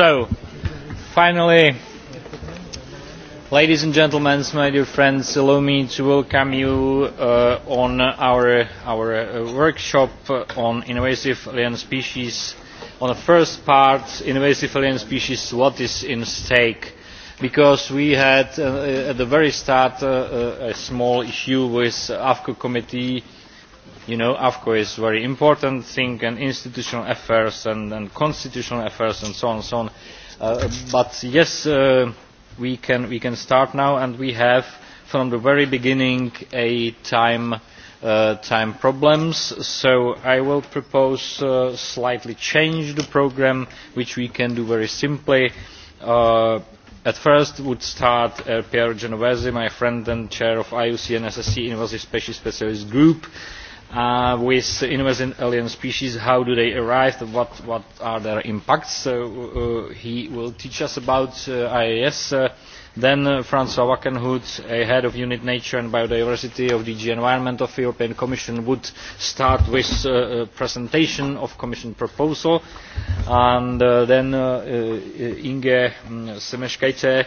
So, finally, ladies and gentlemen, my dear friends, allow me to welcome you on our our workshop on invasive alien species. On the first part, invasive alien species, what is in stake? Because we had at the very start a small issue with AFCO committee you know afco is a very important thing and institutional affairs and constitutional affairs and so on and so on but yes we can start now and we have from the very beginning time problems so i will propose slightly change the programme, which we can do very simply At first would start Pierre Genovese, my friend and chair of IUCN SSC Invasive Species Specialist Group, with invasive alien species, how do they arrive, what what are their impacts. he will teach us about IAS. Then François Wackenhut, a head of Unit Nature and Biodiversity of DG Environment of the European Commission, would start with a presentation of Commission proposal. And then Inge Semeskaite,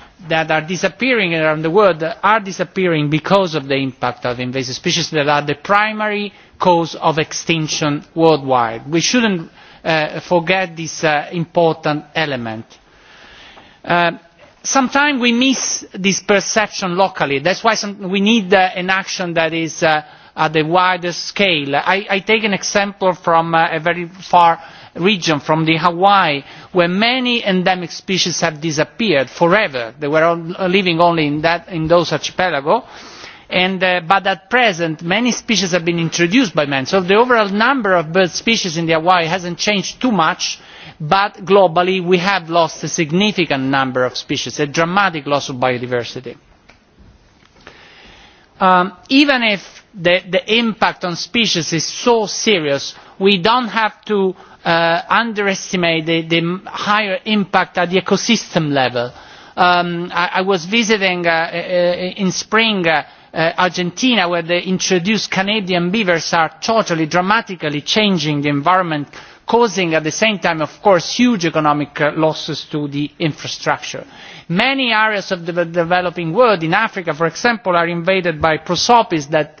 that are disappearing around the world are disappearing because of the impact of invasive species that are the primary cause of extinction worldwide. We should shouldn't forget this important element. Sometimes we miss this perception locally. That is why we need an action that is at a wider scale. I take an example from a very far region from the Hawaii where many endemic species have disappeared forever. They were living only in those archipelago. But at present, many species have been introduced by man. So the overall number of bird species in the Hawaii hasn't changed too much, but globally we have lost a significant number of species, a dramatic loss of biodiversity. Even if the impact on species is so serious, we don't have to underestimate the higher impact at the ecosystem level. I was visiting in spring Argentina where the introduced Canadian beavers are totally dramatically changing the environment causing at the same time of course huge economic losses to the infrastructure. Many areas of the developing world in Africa for example are invaded by prosopis that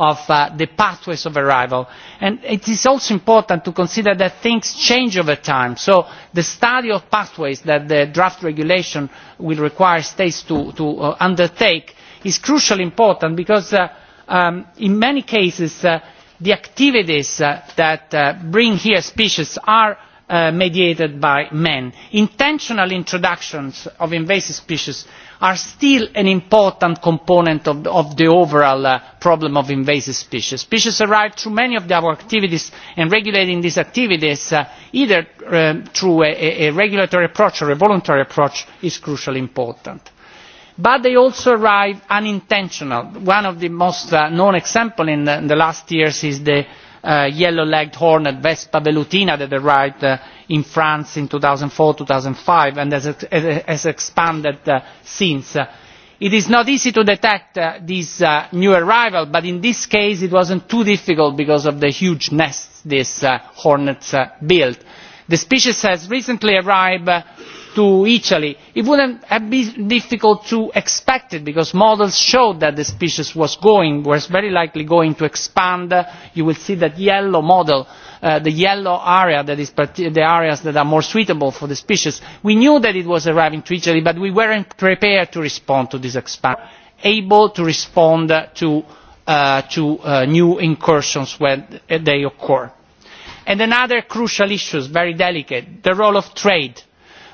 of the pathways of arrival. And it is also important to consider that things change over time. So the study of pathways that the draft regulation will require states to undertake is crucially important because in many cases the activities that bring here species are mediated by men. intentional introductions of invasive species are still an important component of the overall problem of invasive species. species arrive through many of our activities and regulating these activities either through a regulatory approach or a voluntary approach is crucially important but they also arrive unintentional. one of the most known examples in the last years is the yellow legged hornet vespa velutina that arrived in france in 2004 2005 and has expanded since it is not easy to detect this new arrival but in this case it was too difficult because of the huge nests these hornets built. the species has recently arrived to Italy, it wouldn't have been difficult to expect it because models showed that the species was going, was very likely going to expand. You will see that yellow model, the yellow area that is the areas that are more suitable for the species. We knew that it was arriving to Italy, but we weren't prepared to respond to this expansion, able to respond to new incursions when they occur. another crucial issue, very delicate, the role of trade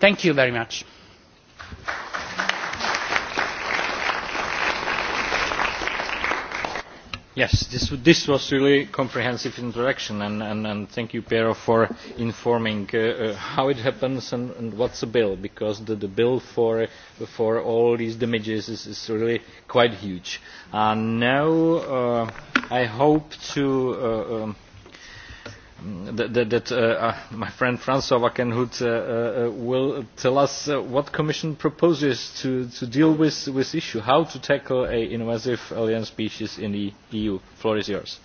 Thank you very much. Yes, this was really comprehensive introduction and thank you, Piero, for informing how it happens and what's the bill, because the bill for all these damages is really quite huge. Now I hope to that my friend François Wackenhut will tell us what Commission proposes to to deal with this issue, how to tackle an invasive alien species in the EU. The floor is yours.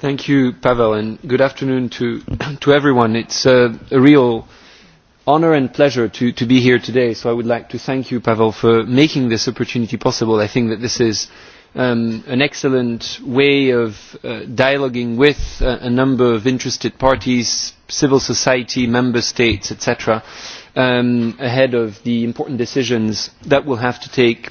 Thank you, Pavel, and good afternoon to to everyone. It's a real honor and pleasure to to be here today, so I would like to thank you, Pavel, for making this opportunity possible. I think that this is an excellent way of dialoguing with a number of interested parties, civil society, member states, etc., ahead of the important decisions that we will have to take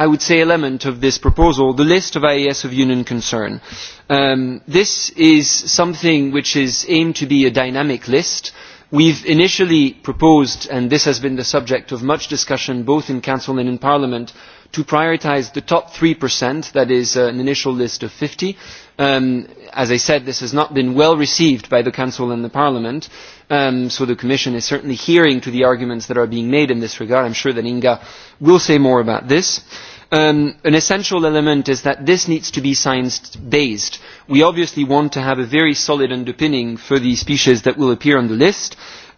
I would say, element of this proposal, the list of IAS of union concern. This is something which is aimed to be a dynamic list. We've initially proposed, and this has been the subject of much discussion both in Council and in Parliament, to prioritise the top 3%, that is an initial list of 50. As I said, this has not been well received by the Council and the Parliament, so the Commission is certainly hearing to the arguments that are being made in this regard. I'm sure that Inga will say more about this an essential element is that this needs to be science based. we obviously want to have a very solid underpinning for the species that will appear on the list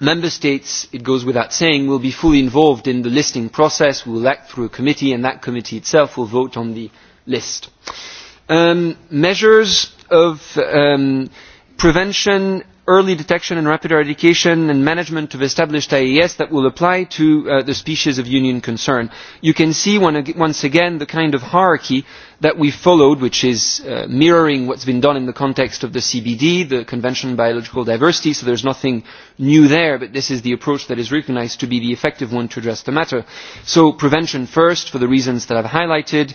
Member States, it goes without saying, will be fully involved in the listing process. will act through a committee and that committee itself will vote on the list. Measures of prevention early detection and rapid eradication and management of established IES that will apply to the species of union concern. You can see once again the kind of hierarchy that we followed, which is mirroring what has been done in the context of the CBD, the Convention on Biological Diversity, so there is nothing new there, but this is the approach that is recognised to be the effective one to address the matter. So prevention first, for the reasons that I have highlighted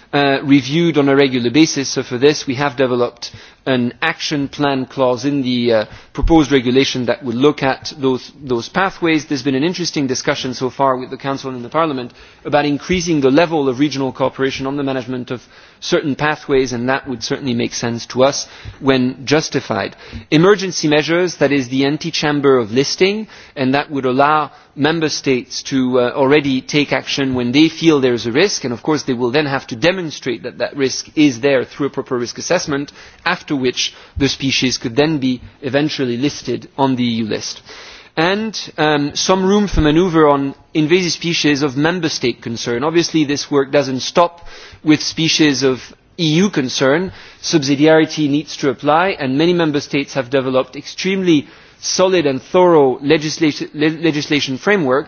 reviewed on a regular basis so for this we have developed an action plan clause in the proposed regulation that would look at those pathways. There has been an interesting discussion so far with the Council and the Parliament about increasing the level of regional cooperation on the management of certain pathways and that would certainly make sense to us when justified. Emergency measures, that is the anti-chamber of listing and that would allow member states to already take action when they feel there is a risk and of course they will then have to demonstrate that that risk is there through a proper risk assessment after after which the species could then be eventually listed on the EU list. And some room for manoeuvre on invasive species of member state concern. Obviously this work does not stop with species of EU concern. Subsidiarity needs to apply and many member states have developed extremely solid and thorough legislation framework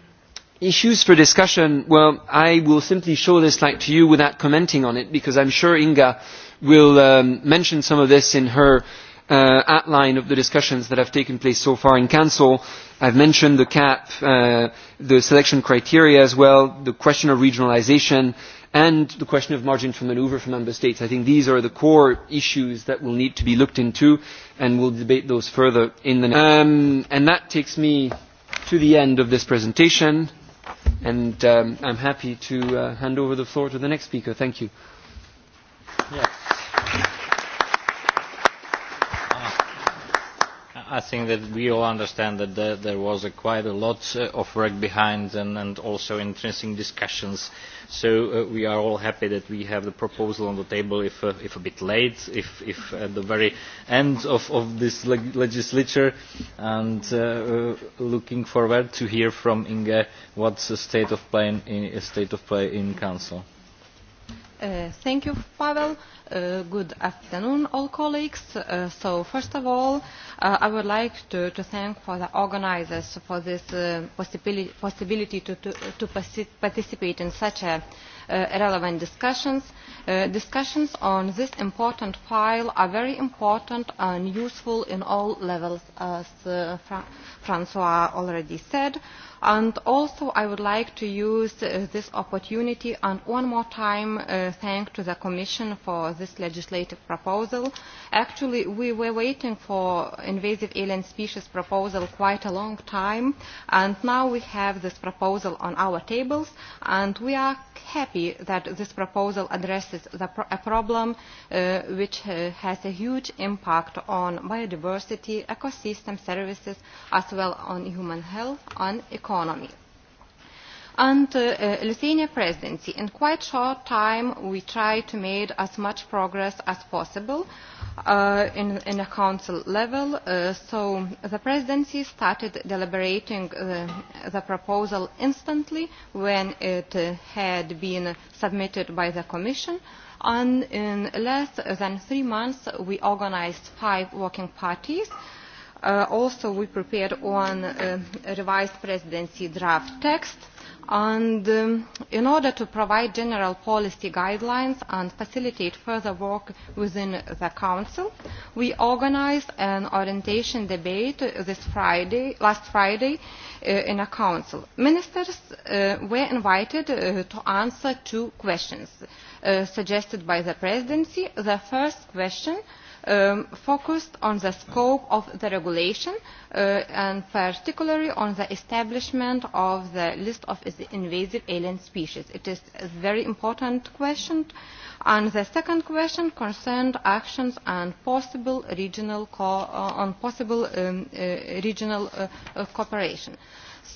Issues for discussion, well, I will simply show this slide to you without commenting on it because I'm sure Inga will mention some of this in her outline of the discussions that have taken place so far in Council. I've mentioned the cap, the selection criteria as well, the question of regionalisation and the question of margin for manoeuvre for Member States. I think these are the core issues that will need to be looked into and will debate those further in the next. And that takes me to the end of this presentation. And I'm happy to hand over the floor to the next speaker. Thank you. I think that we all understand that there was quite a lot of work behind and also interesting discussions. So we are all happy that we have the proposal on the table, if a bit late, if at the very end of this legislature, and looking forward to hear from Inge what's the state of play in Council. Thank you, Pavel. Good afternoon, all colleagues. So, first of all, I would like to thank for the organizers for this possibility to participate in such a relevant discussions. Discussions on this important file are very important and useful in all levels, as Francois already said And also I would like to use this opportunity and one more time thank to the Commission for this legislative proposal. Actually, we were waiting for invasive alien species proposal quite a long time, and now we have this proposal on our tables, and we are happy that this proposal addresses a problem which has a huge impact on biodiversity, ecosystem services, as well on human health and economy. And the Lithuania presidency, in quite short time, we tried to make as much progress as possible in a council level. So the presidency started deliberating the proposal instantly when it had been submitted by the Commission. And in less than three months, we organized five working parties Also, we prepared one revised presidency draft text, and in order to provide general policy guidelines and facilitate further work within the Council, we organised an orientation debate this Friday, last Friday, in a Council. Ministers were invited to answer two questions suggested by the Presidency. The first question focused on the scope of the regulation and particularly on the establishment of the list of invasive alien species. It is a very important question. And the second question concerned actions on possible regional cooperation.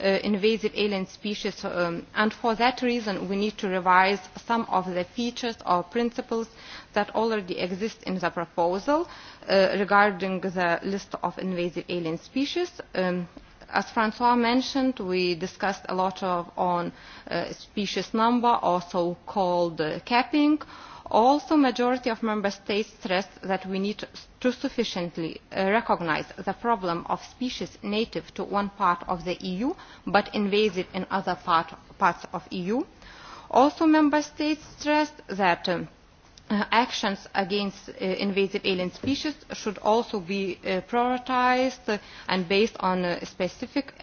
invasive alien species and for that reason we need to revise some of the features or principles that already exist in the proposal regarding the list of invasive alien species As Francois mentioned, we discussed a lot on species number, also called capping. Also, majority of member states stressed that we need to sufficiently recognise the problem of species native to one part of the EU but invasive in other parts of the EU. Also, member states stressed that actions against invasive alien species should also be prioritised and based on a specific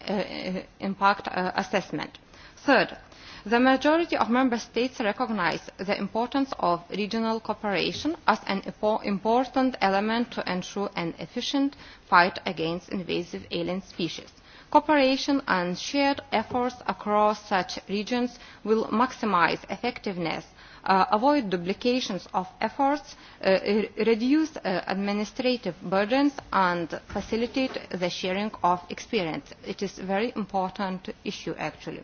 impact assessment. Third, the majority of Member States recognise the importance of regional cooperation as an important element to ensure an efficient fight against invasive alien species. Cooperation and shared efforts across such regions will maximise effectiveness avoid duplications of efforts, reduce administrative burdens and facilitate the sharing of experience. It is a very important issue actually.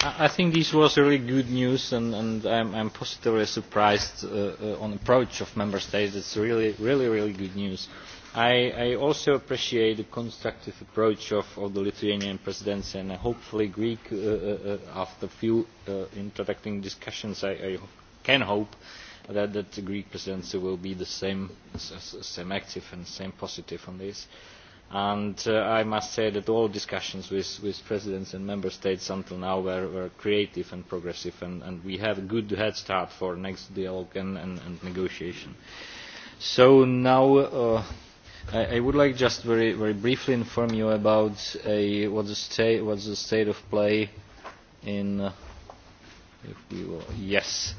I think this was really good news, and, and I'm, positively surprised on the approach of member states. It's really, really, really good news. I, I also appreciate the constructive approach of, the Lithuanian presidency, and hopefully Greek, after a few uh, interacting discussions, I, I can hope that, that the Greek presidency will be the same, same active and same positive on this and i must say that all discussions with presidents and member states until now were creative and progressive and we have a good head start for next dialogue and negotiation. so now i would like just very very briefly inform you about what the state of play in yes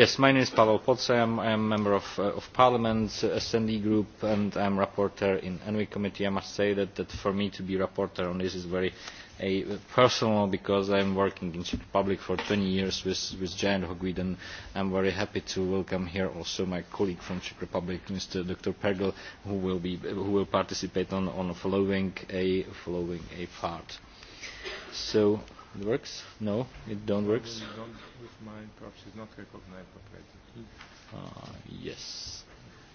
Yes, my name is Pavel poc I am a member of Parliament, S&D Group, and I am rapporteur in ENVI Committee. I must say that for me to be rapporteur on this is very personal because I am working in Czech Republic for 20 years with Jan Hogwit and I am very happy to welcome here also my colleague from Czech Republic, Mr. Dr. Pergel, who will participate on following a part. It works? No, it don't works. With mine, perhaps it's not recognized properly. Yes.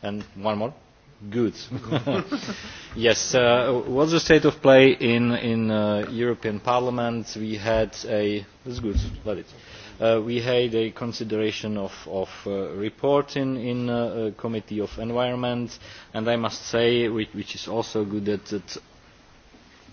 And one more. Good. Yes. What's the state of play in in European Parliament? We had a. It's good. Let it. We had a consideration of of report in in Committee of Environment, and I must say, which is also good that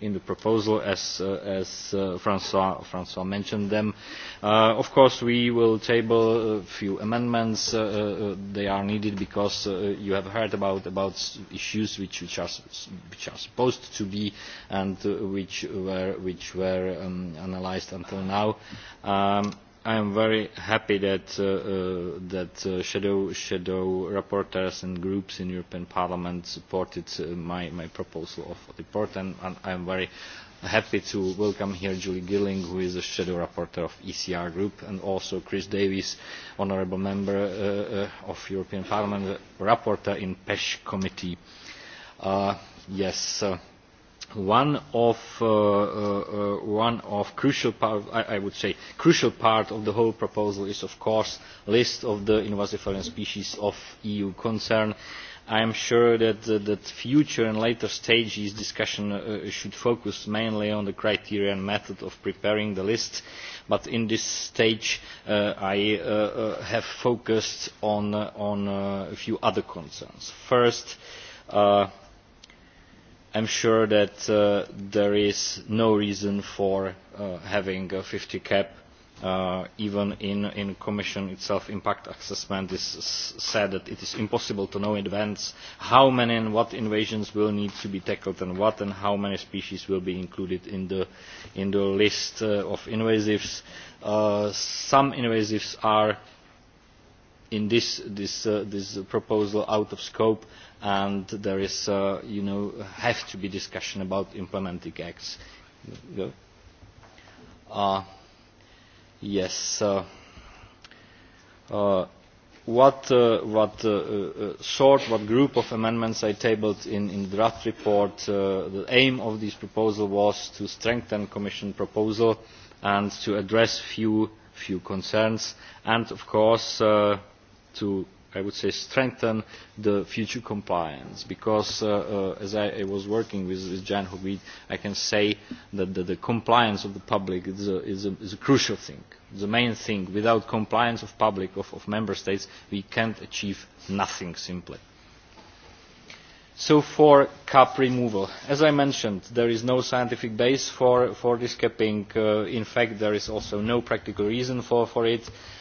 in the proposal as Francois mentioned them. Of course, we will table a few amendments. They are needed because you have heard about issues which are supposed to be and which were analysed until now I am very happy that that shadow shadow rapporteurs and groups in European Parliament supported my my proposal of report and I am very happy to welcome here Julie Gilling, who is the shadow rapporteur of the ECR Group, and also Chris Davies, honourable member of the European Parliament, rapporteur in the PESH committee. Yes one of crucial part i would say crucial part of the whole proposal is of course list of the invasive species of eu concern i am sure that that future and later stages discussion should focus mainly on the criteria and method of preparing the list but in this stage i have focused on on a few other concerns first am sure that there is no reason for having a 50 cap, even in the Commission itself impact assessment is said that it is impossible to know in advance how many and what invasions will need to be tackled and what and how many species will be included in the list of invasives. Some invasives are in this proposal out of scope and there is, you know, have to be discussion about implementing acts. Yes. What sort, what group of amendments I tabled in the draft report, the aim of this proposal was to strengthen Commission proposal and to address few concerns and, of course, to I would say strengthen the future compliance because as I was working with Jan Hogweed I can say that the compliance of the public is a crucial thing, the main thing. Without compliance of public, of member states, we can't achieve nothing simply. So for cap removal, as I mentioned, there is no scientific base for this capping. In fact, there is also no practical reason for it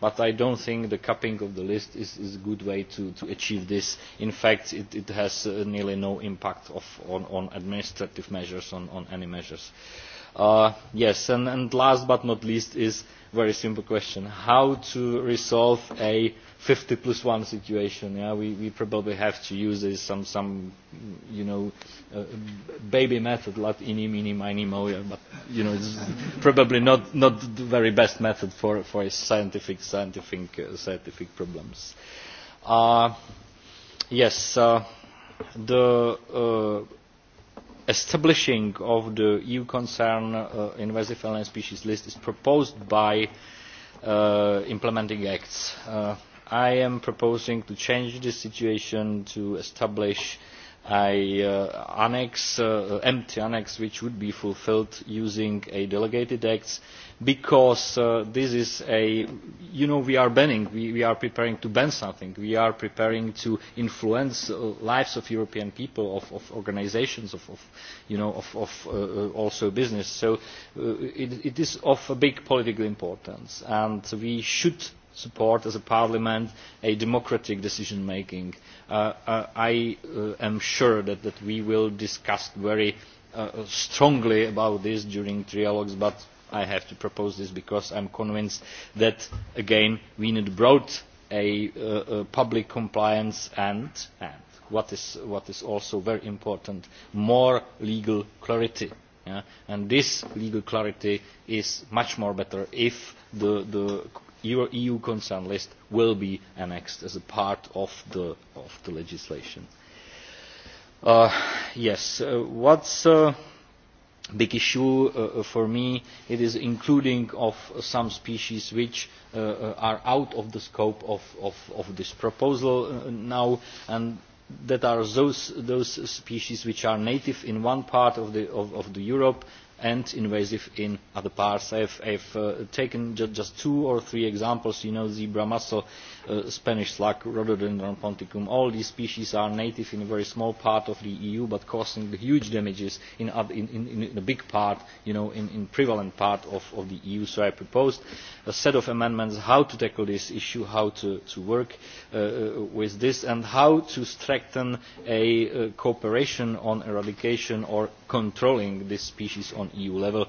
But I don't think the cupping of the list is a good way to achieve this. In fact, it has nearly no impact on administrative measures, on any measures. Yes, and last but not least is a very simple question. How to resolve a 50 plus one situation. Yeah, we, we probably have to use some some you know baby method, like ini mini mini moya but you know it's probably not not the very best method for for scientific scientific scientific problems. yes, the establishing of the EU concern invasive alien species list is proposed by implementing acts. I am proposing to change the situation to establish an annex, empty annex, which would be fulfilled using a delegated act, because this is a, you know, we are banning, we are preparing to ban something, we are preparing to influence the lives of European people, of organisations, of, you know, of also business. So it is of a big political importance, and we should support as a parliament a democratic decision making. I am sure that we will discuss very strongly about this during trialogues, but I have to propose this because I am convinced that, again, we need broad public compliance and what is also very important, more legal clarity. And this legal clarity is much more better if the EU concern list will be annexed as a part of the legislation. Yes, what's big issue for me it is including of some species which are out of the scope of this proposal now and that are those species which are native in one part of Europe and invasive in other parts. I have taken just two or three examples. You know, zebra mussel Spanish slug, rhododendron ponticum. All these species are native in a very small part of the EU, but causing huge damages in a big part, you know, in prevalent part of the EU. So I proposed a set of amendments how to tackle this issue, how to work with this, and how to strengthen a cooperation on eradication or controlling this species on EU level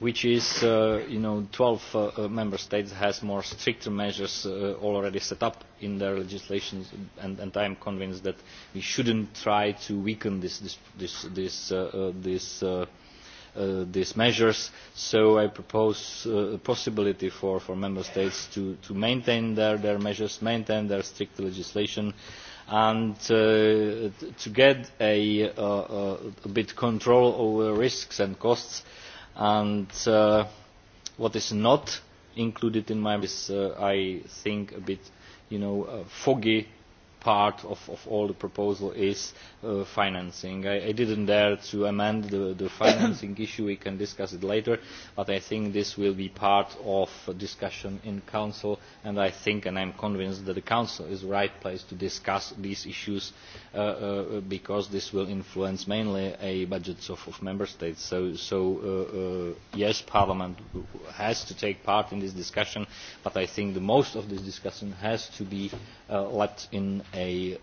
which is, you know, 12 member states has more stricter measures already set up in their legislation, and I am convinced that we shouldn't try to weaken these measures. So I propose a possibility for member states to maintain their measures, maintain their strict legislation, and to get a bit control over risks and costs and what is not included in my is I think a bit you know foggy part of all the proposal is financing. I didn't dare to amend the financing issue. We can discuss it later. But I think this will be part of discussion in Council. And I think and I'm convinced that the Council is the right place to discuss these issues because this will influence mainly a budgets of member states. So, yes, Parliament has to take part in this discussion. But I think the most of this discussion has to be Let in a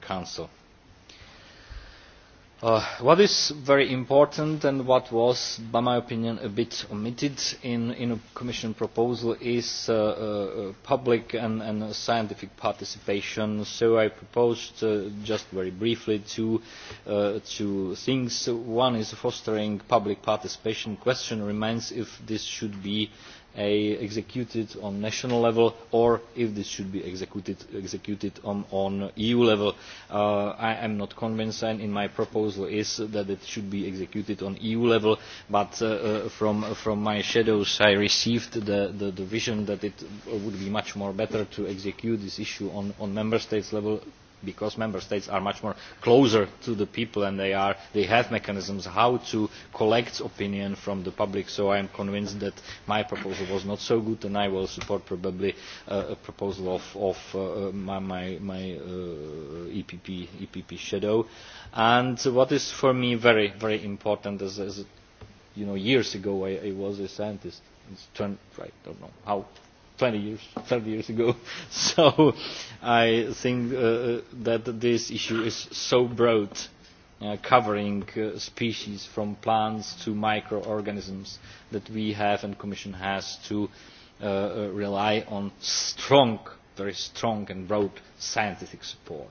council. What is very important and what was, by my opinion, a bit omitted in a Commission proposal is public and scientific participation. So I proposed, just very briefly, two things. One is fostering public participation. The question remains if this should be executed on national level or if this should be executed on EU level. I am not convinced and in my proposal is that it should be executed on EU level but from my shadows I received the vision that it would be much more better to execute this issue on member states level because member states are much more closer to the people and they are they have mechanisms how to collect opinion from the public so i am convinced that my proposal was not so good and i will support probably a proposal of my epp shadow and what is for me very very important is you know years ago i was a scientist i don't know how 20 years, 30 years ago. So I think that this issue is so broad, covering species from plants to microorganisms, that we have and Commission has to rely on strong, very strong and broad scientific support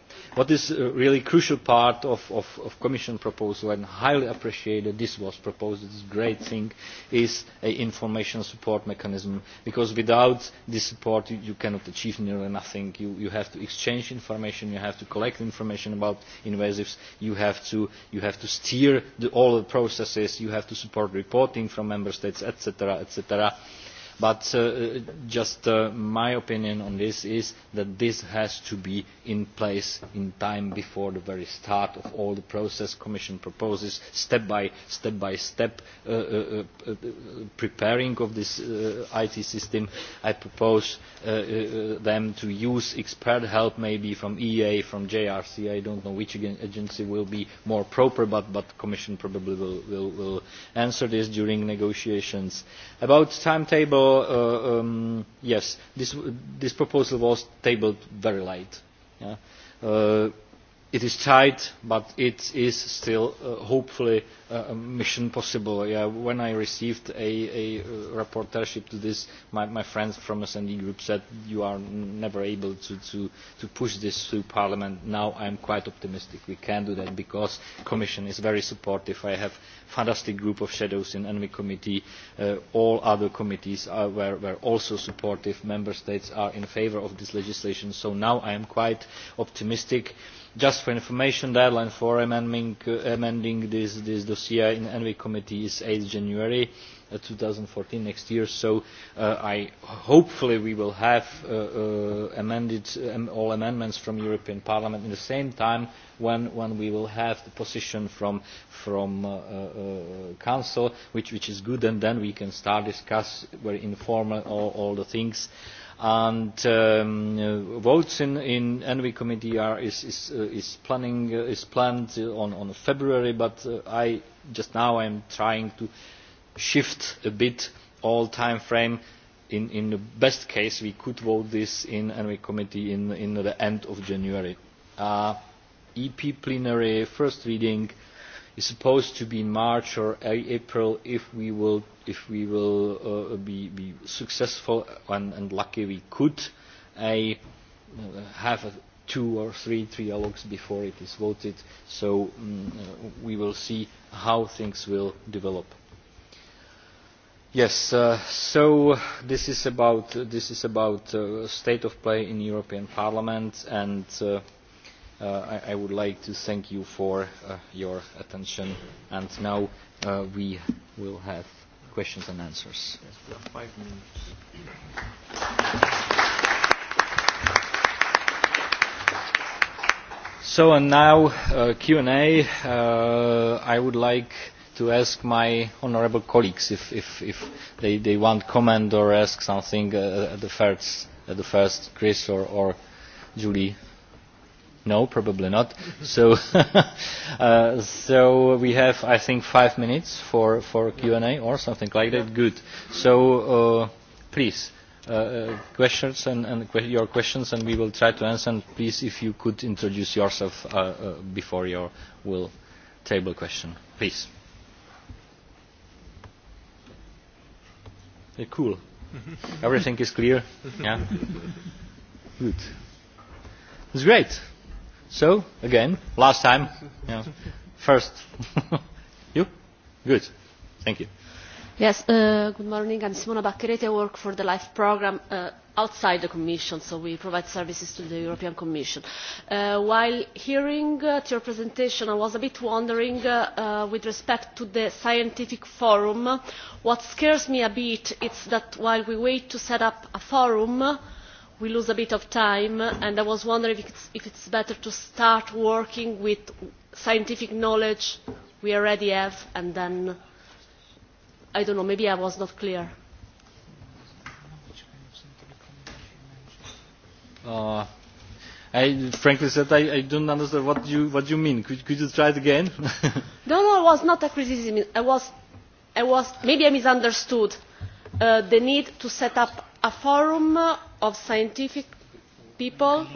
what is a really crucial part of the commission proposal and highly appreciated this was proposed this great thing is an information support mechanism because without this support you cannot achieve nearly nothing you have to exchange information you have to collect information about invasives you have to steer all the processes you have to support reporting from member states etc. But just my opinion on this is that this has to be in place in time before the very start of all the process Commission proposes, step by step by step preparing of this IT system. I propose them to use expert help maybe from EA, from JRC, I don't know which agency will be more proper, but the Commission probably will answer this during negotiations. About timetable yes, this proposal was tabled very late. It is tight, but it is still hopefully a mission possible. When I received a rapporteurship to this, my friends from the S&D group said you are never able to push this through Parliament. Now I am quite optimistic we can do that because the Commission is very supportive. I have a fantastic group of shadows in the Envi Committee. All other committees were also supportive. Member States are in favour of this legislation. So now I am quite optimistic. Just for information, the deadline for amending this dossier in the ENVI Committee is 8 January 2014, next year. So hopefully we will have amended all amendments from the European Parliament at the same time when we will have the position from the Council, which is good, and then we can start discussing very informally all the things and votes in in envi committee are is is planning is planned on on february but i just now i am trying to shift a bit all time frame in in the best case we could vote this in envi committee in in the end of january ep plenary first reading is supposed to be in March or April if we will if we will be successful and lucky we could have two or three trialogues before it is voted so we will see how things will develop. Yes, so this is about this is about state of play in European Parliament and I would like to thank you for your attention. And now we will have questions and answers. So and now Q&A. I would like to ask my honourable colleagues if, if, they, they want comment or ask something at the first, at the first Chris or, or Julie. No, probably not. So, so we have, I think, five minutes for for Q&A or something like that. Good. So, please, questions and your questions, and we will try to answer. please, if you could introduce yourself before your will table question, please. Cool. Everything is clear. Yeah. Good. It's great. So, again, last time. First. You? Good. Thank you. Yes, good morning. I'm Simona Baccherete. I work for the LIFE program outside the Commission, so we provide services to the European Commission. While hearing your presentation, I was a bit wondering, with respect to the scientific forum, what scares me a bit is that while we wait to set up a forum, we lose a bit of time and i was wondering if it's better to start working with scientific knowledge we already have and then i don't know maybe i was not clear. I frankly said I, don't understand what you what you mean. Could, you try it again? no, no, it was not a criticism. I was, I was maybe I misunderstood the need to set up a forum of scientific people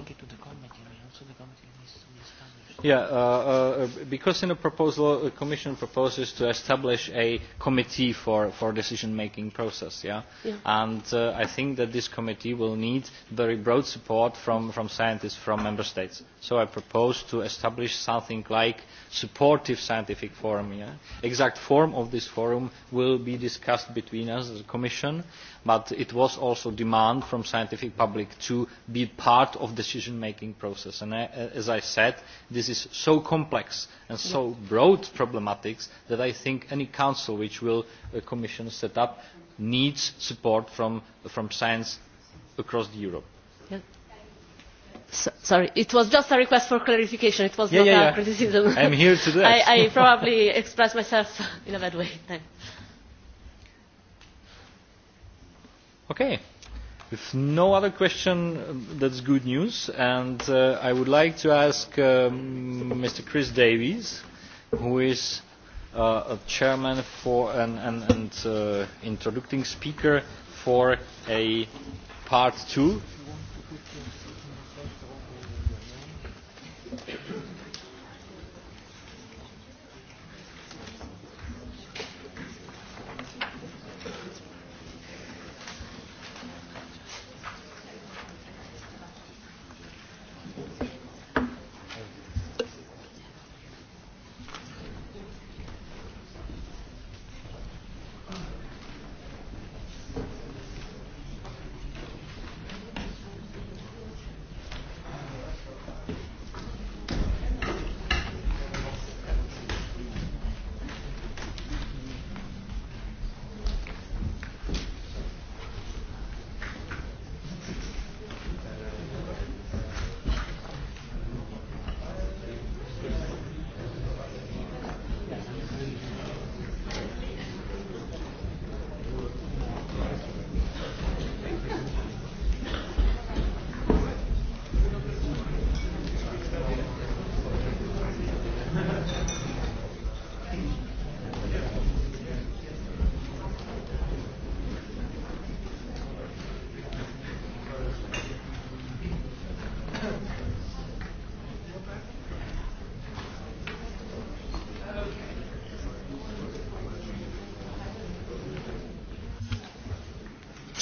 Yeah, because in the proposal, the Commission proposes to establish a committee for for decision-making process. Yeah, and I think that this committee will need very broad support from scientists from member states. So I propose to establish something like supportive scientific forum. Yeah, exact form of this forum will be discussed between us as Commission, but it was also demand from scientific public to be part of decision-making process. And as I said, this is so complex and so broad problematics that I think any council which will the Commission set up needs support from science across Europe. Sorry, it was just a request for clarification. It was not a criticism. I'm here to do it I probably expressed myself in a bad way. Okay. If no other question, that's good news. And I would like to ask Mr. Chris Davies, who is a chairman for and introducing speaker for a part two.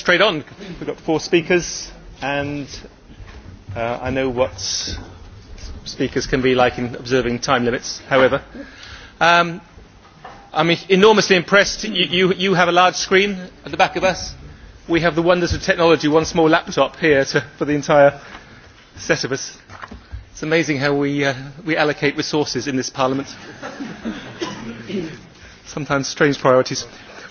straight on. We've got four speakers, and I know what speakers can be like in observing time limits, however. I'm enormously impressed. You have a large screen at the back of us. We have the wonders of technology, one small laptop here for the entire set of us. It's amazing how we allocate resources in this Parliament. Sometimes strange priorities.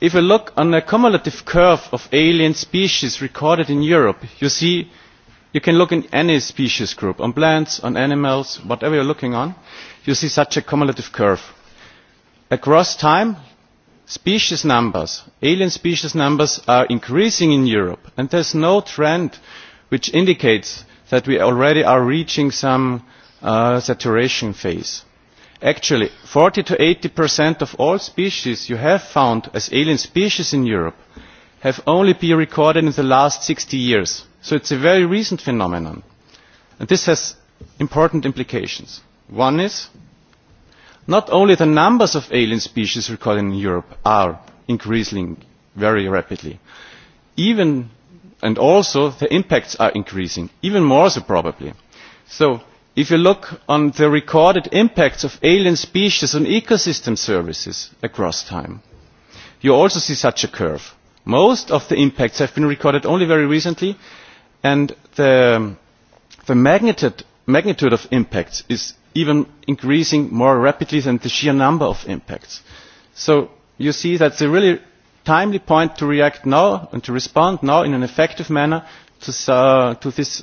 If you look on the cumulative curve of alien species recorded in Europe, you see you can look in any species group, on plants, on animals, whatever you are looking on, you see such a cumulative curve. Across time, species numbers, alien species numbers are increasing in Europe, and there is no trend which indicates that we already are reaching some saturation phase. Actually, 40 to 80% of all species you have found as alien species in Europe have only been recorded in the last 60 years. So it's a very recent phenomenon. And this has important implications. One is, not only the numbers of alien species recorded in Europe are increasing very rapidly, even and also the impacts are increasing, even more so probably. So If you look on the recorded impacts of alien species on ecosystem services across time, you also see such a curve. Most of the impacts have been recorded only very recently, and the magnitude of impacts is even increasing more rapidly than the sheer number of impacts. So you see that's a really timely point to react now and to respond now in an effective manner to this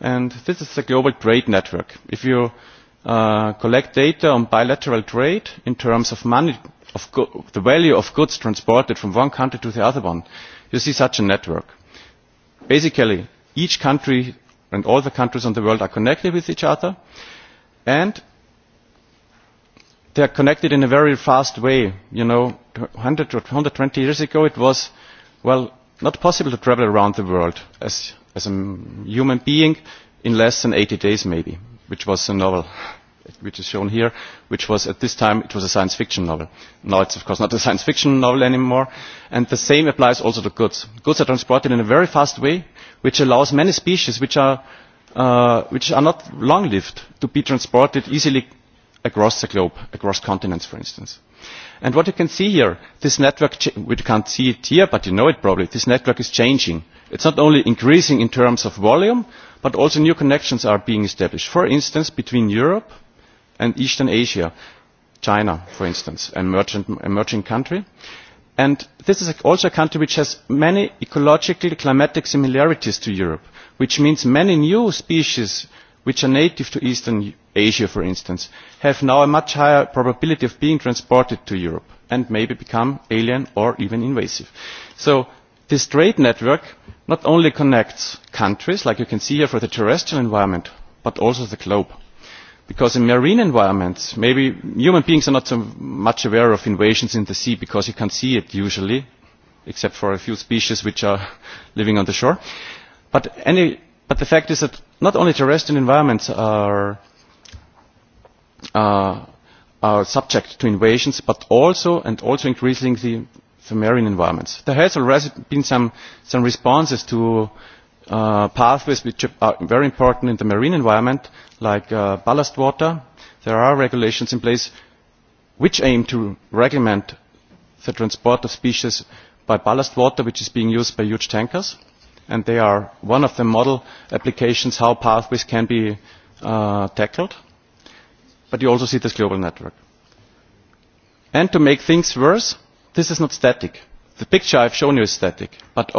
and this is the global trade network. If you collect data on bilateral trade in terms of the value of goods transported from one country to the other one, you see such a network. Basically, each country and all the countries on the world are connected with each other, and they are connected in a very fast way. You know, 100 or 120 years ago, it was, well, not possible to travel around the world as as a human being in less than 80 days maybe, which was a novel which is shown here, which was at this time it was a science fiction novel. Now it's of course not a science fiction novel anymore. And the same applies also to goods. Goods are transported in a very fast way, which allows many species which are which are not long lived to be transported easily across the globe, across continents, for instance. And what you can see here, this network we can't see it here, but you know it probably, this network is changing It is not only increasing in terms of volume, but also new connections are being established. For instance, between Europe and Eastern Asia, China, for instance, an emerging country. And this is also a country which has many ecological climatic similarities to Europe, which means many new species which are native to Eastern Asia, for instance, have now a much higher probability of being transported to Europe and maybe become alien or even invasive. So this trade network not only connects countries, like you can see here for the terrestrial environment, but also the globe. Because in marine environments, maybe human beings are not so much aware of invasions in the sea because you can't see it usually, except for a few species which are living on the shore. But the fact is that not only terrestrial environments are subject to invasions, but also, and also increasingly, marine environments. There has already been some responses to pathways which are very important in the marine environment, like ballast water. There are regulations in place which aim to regulate the transport of species by ballast water, which is being used by huge tankers, and they are one of the model applications how pathways can be tackled. But you also see this global network. And to make things worse, This is not static. The picture I have shown you is static, but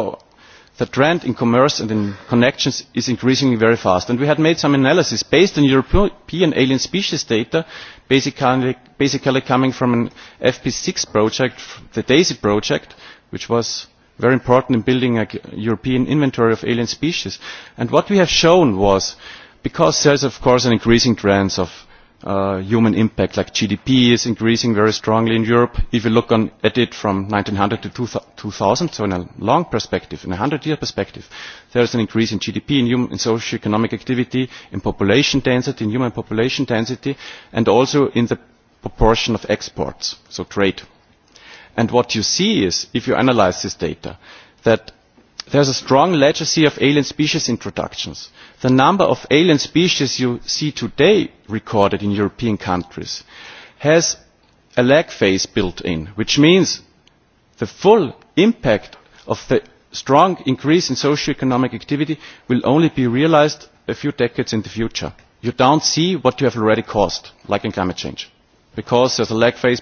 the trend in commerce and in connections is increasing very fast. And we had made some analysis based on European alien species data, basically coming from an FP6 project, the DAISY project, which was very important in building a European inventory of alien species. And what we have shown was, because there is of course an increasing trend of human impact, like GDP is increasing very strongly in Europe. If you look at it from 1900 to 2000, so in a long perspective, in a hundred year perspective, there is an increase in GDP, in socio-economic activity, in population density, in human population density, and also in the proportion of exports, so trade. And what you see is, if you analyze this data, that There is a strong legacy of alien species introductions. The number of alien species you see today recorded in European countries has a lag phase built in, which means the full impact of the strong increase in socio-economic activity will only be realised a few decades in the future. You don't see what you have already caused, like in climate change, because there is a lag phase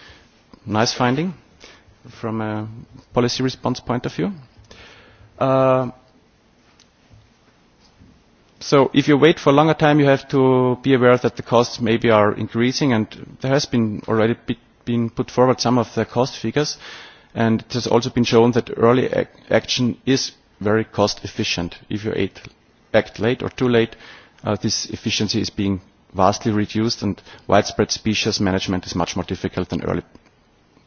nice finding from a policy response point of view. So if you wait for a longer time, you have to be aware that the costs maybe are increasing, and there has been already been put forward some of the cost figures, and it has also been shown that early action is very cost efficient. If you act late or too late, this efficiency is being vastly reduced, and widespread species management is much more difficult than early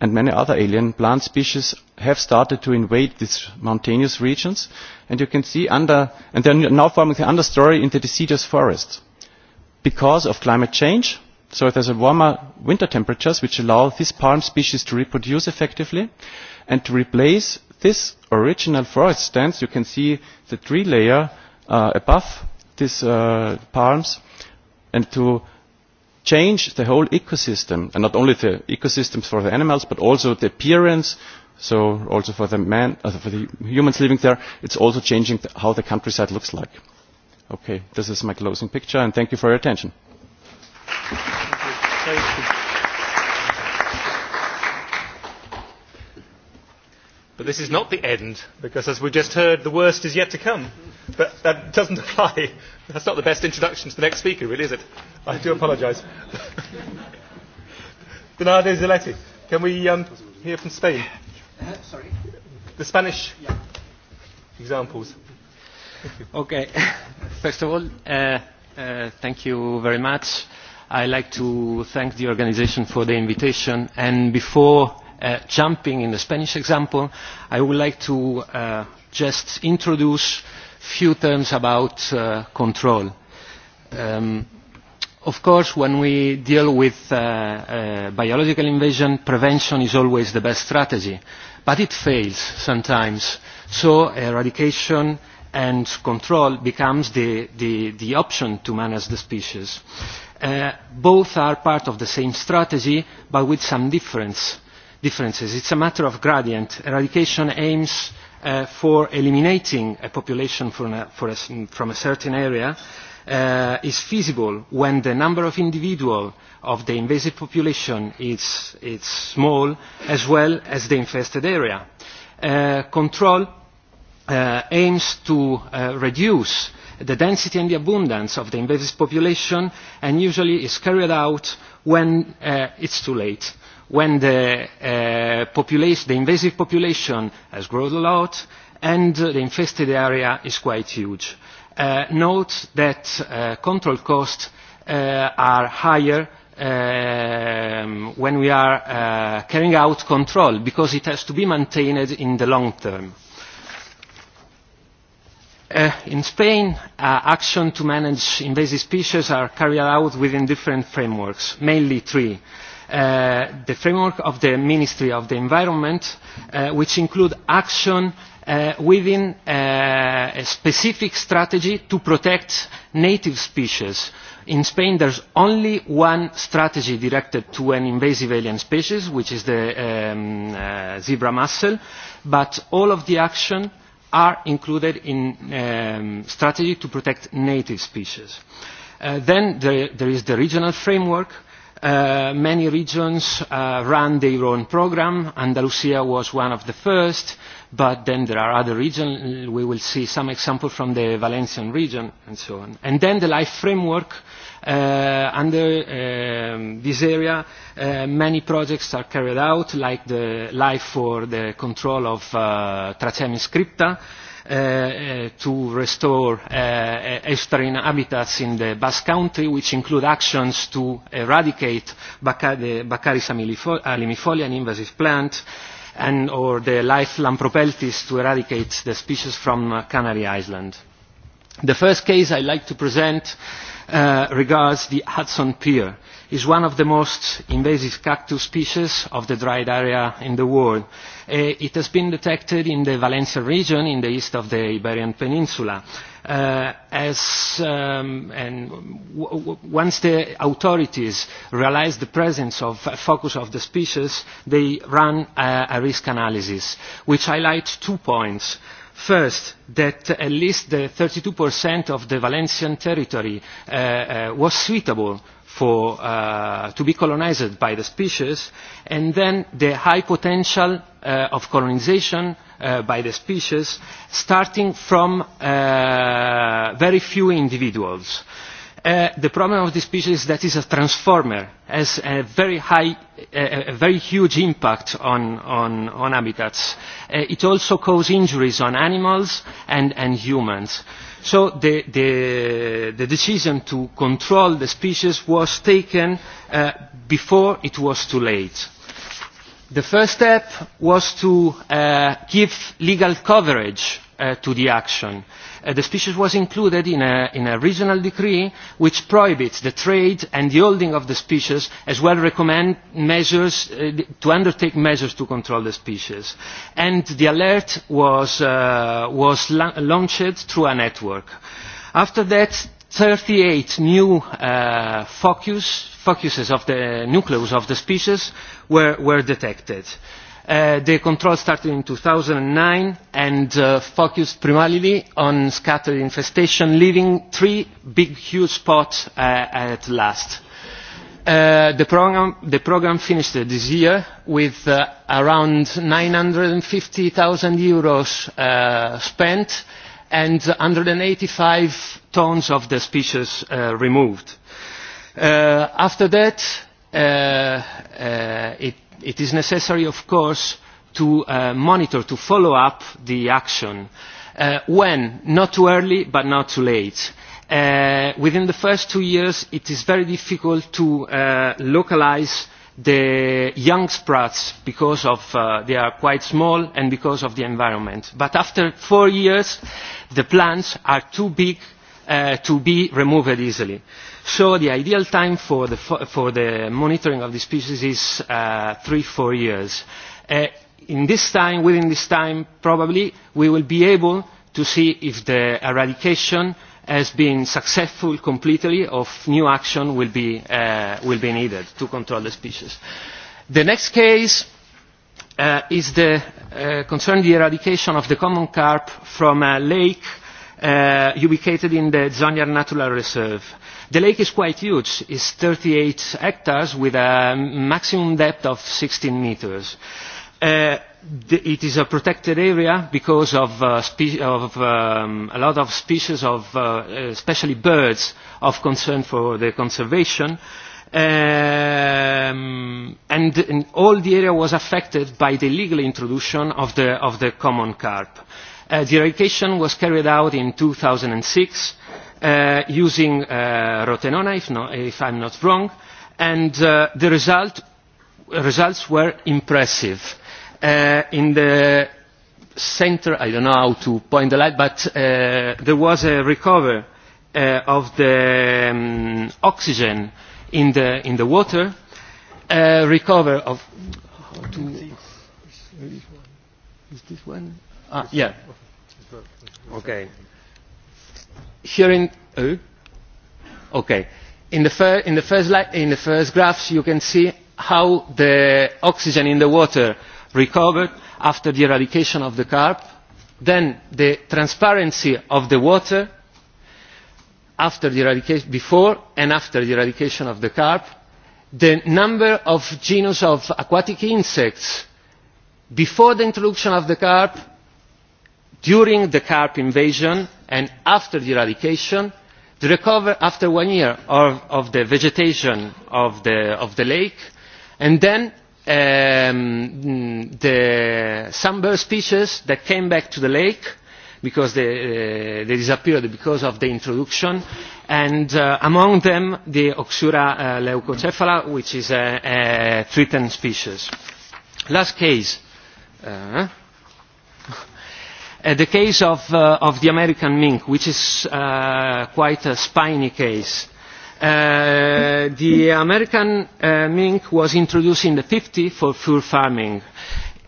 and many other alien plant species have started to invade these mountainous regions and you can see under and they are now forming the understory in the deciduous forests, because of climate change so there's a warmer winter temperatures which allow these palm species to reproduce effectively and to replace this original forest stands you can see the tree layer above these palms and to change the whole ecosystem, and not only the ecosystems for the animals, but also the appearance. So also for the man, for the humans living there, it's also changing how the countryside looks like. Okay, this is my closing picture, and thank you for your attention. But this is not the end, because as we just heard, the worst is yet to come. But that doesn't apply. That's not the best introduction to the next speaker, really, is it? I do apologize. Bernardo zeletti can we hear from Spain? sorry. The Spanish examples. Okay. First of all, thank you very much. I'd like to thank the organization for the invitation. And before jumping in the Spanish example, I would like to just introduce a few terms about control. Of course, when we deal with biological invasion, prevention is always the best strategy, but it fails sometimes. So eradication and control becomes the option to manage the species. Both are part of the same strategy, but with some difference differences. It's a matter of gradient. Eradication aims for eliminating a population from a certain area is feasible when the number of individuals of the invasive population is small as well as the infested area. Control aims to reduce the density and the abundance of the invasive population and usually is carried out when it's too late when the the invasive population has grown a lot and the infested area is quite huge. Note that control costs are higher when we are carrying out control because it has to be maintained in the long term. In Spain, action to manage invasive species are carried out within different frameworks, mainly three the framework of the Ministry of the Environment, which include action within a specific strategy to protect native species. In Spain there is only one strategy directed to an invasive alien species, which is the zebra mussel, but all of the action are included in strategy to protect native species. Then there is the regional framework Many regions run their own program. Andalusia was one of the first, but then there are other regions. We will see some examples from the Valencian region and so on. And then the life framework under this area, many projects are carried out, like the Life for the Control of Tracemi Scripta to restore estuarine habitats in the Basque Country, which include actions to eradicate the Baccharis alimifolia, an invasive plant, and or the life Lampropeltis to eradicate the species from Canary Island. The first case I'd like to present regards the Hudson Pier is one of the most invasive cactus species of the dried area in the world. It has been detected in the Valencia region in the east of the Iberian Peninsula. As once the authorities realised the presence of focus of the species, they ran a risk analysis, which highlights two points. First, that at least 32% of the Valencian territory was suitable for to be colonized by the species and then the high potential of colonization by the species starting from very few individuals. The problem of this species is that it is a transformer, has a very high, a very huge impact on habitats. It also causes injuries on animals and humans. So the decision to control the species was taken before it was too late. The first step was to give legal coverage to the action the species was included in a regional decree which prohibits the trade and the holding of the species as well recommend measures to undertake measures to control the species. And the alert was launched through a network. After that 38 new focuses of the nucleus of the species were detected. The control started in 2009 and focused primarily on scattered infestation, leaving three big huge spots at last. The programme finished this year with around 950,000 euros spent and 185 tons of the species removed. After that, it It is necessary, of course, to monitor, to follow up the action. When? Not too early, but not too late. Within the first two years, it is very difficult to localize the young sprouts because of they are quite small and because of the environment. But after four years, the plants are too big to be removed easily. So the ideal time for the monitoring of the species is three, four years. In this time, within this time, probably we will be able to see if the eradication has been successful completely or new action will be needed to control the species. The next case is the, concerning the eradication of the common carp from a lake ubicated in the Zonyar Natural Reserve. The lake is quite huge. thirty 38 hectares with a maximum depth of 16 meters. It is a protected area because of a lot of species of, especially birds, of concern for the conservation. And all the area was affected by the illegal introduction of the common carp. The eradication was carried out in 2006 using rotenona if I'm not wrong and the results were impressive. In the centre I don't know how to point the light but there was a recovery of the oxygen in the in the water recover of is this one? Ah yeah okay here in in the first graphs you can see how the oxygen in the water recovered after the eradication of the carp then the transparency of the water after the eradication before and after the eradication of the carp the number of genus of aquatic insects before the introduction of the carp during the carp invasion and after the eradication the recover after one year of the vegetation of the lake and then some bird species that came back to the lake because they disappeared because of the introduction and among them the Oxura leucocephala which is a threatened species. Last case The case of the American mink, which is quite a spiny case. The American mink was introduced in the 50 for fur farming.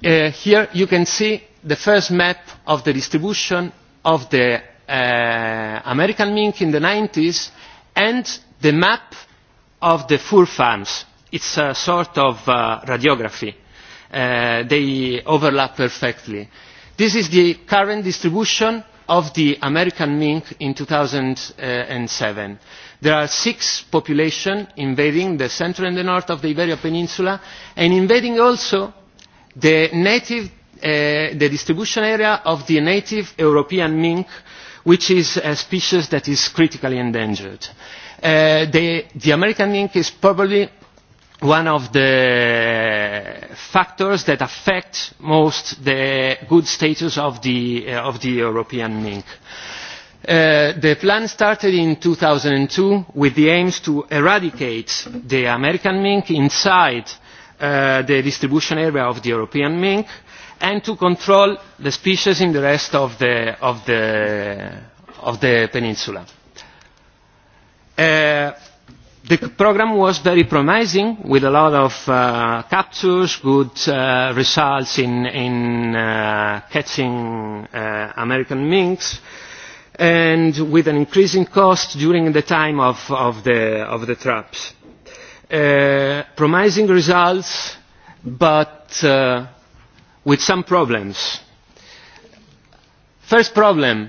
Here you can see the first map of the distribution of the American mink in the 90s and the map of the fur farms. It's a sort of radiography. They overlap perfectly. This is the current distribution of the American mink in 2007. There are six populations invading the centre and the north of the Iberian Peninsula and invading also the native the distribution area of the native European mink, which is a species that is critically endangered. The American mink is probably one of the factors that affect most the good status of the European mink. The plan started in 2002 with the aims to eradicate the American mink inside the distribution area of the European mink and to control the species in the rest of the peninsula. The program was very promising with a lot of captures, good results in catching American minks, and with an increasing cost during the time of the traps. Promising results, but with some problems. First problem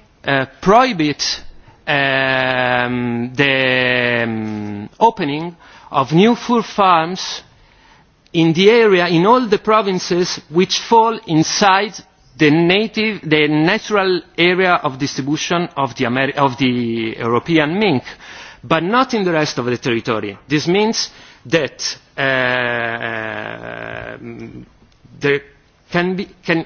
prohibit the opening of new fur farms in the area in all the provinces which fall inside the native the natural area of distribution of the of the European mink, but not in the rest of the territory. This means that there can be can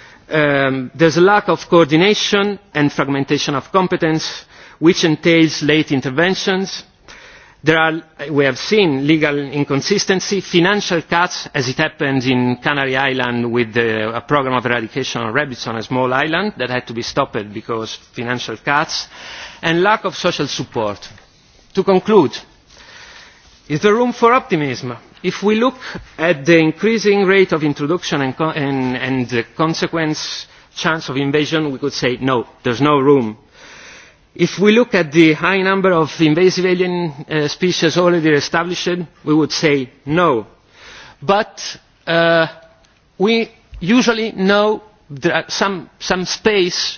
there is a lack of coordination and fragmentation of competence which entails late interventions. there are we have seen legal inconsistency financial cuts as it happened in canary island with a programme of eradication of rabbits on a small island that had to be stopped because of financial cuts and lack of social support. to conclude is there room for optimism? If we look at the increasing rate of introduction and the consequence chance of invasion, we could say no, There is no room. If we look at the high number of invasive alien species already established, we would say no. But we usually know some space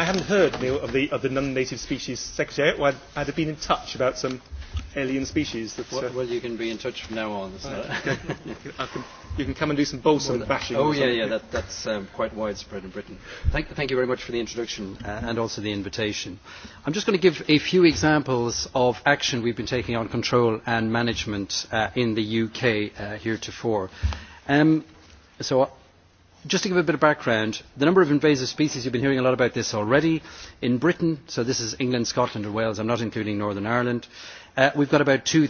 I haven't heard, Neil, of the, of the non-native species Secretary, Well, I'd have been in touch about some alien species. That, well, you can be in touch from now on. So. I can, you can come and do some balsam bashing. Oh, yeah, yeah, that, that's um, quite widespread in Britain. Thank, thank you very much for the introduction uh, and also the invitation. I'm just going to give a few examples of action we've been taking on control and management uh, in the UK uh, heretofore. Um, so Just to give a bit of background, the number of invasive species, you have been hearing a lot about this already. In Britain, so this is England, Scotland and Wales, am not including Northern Ireland, we've got about two.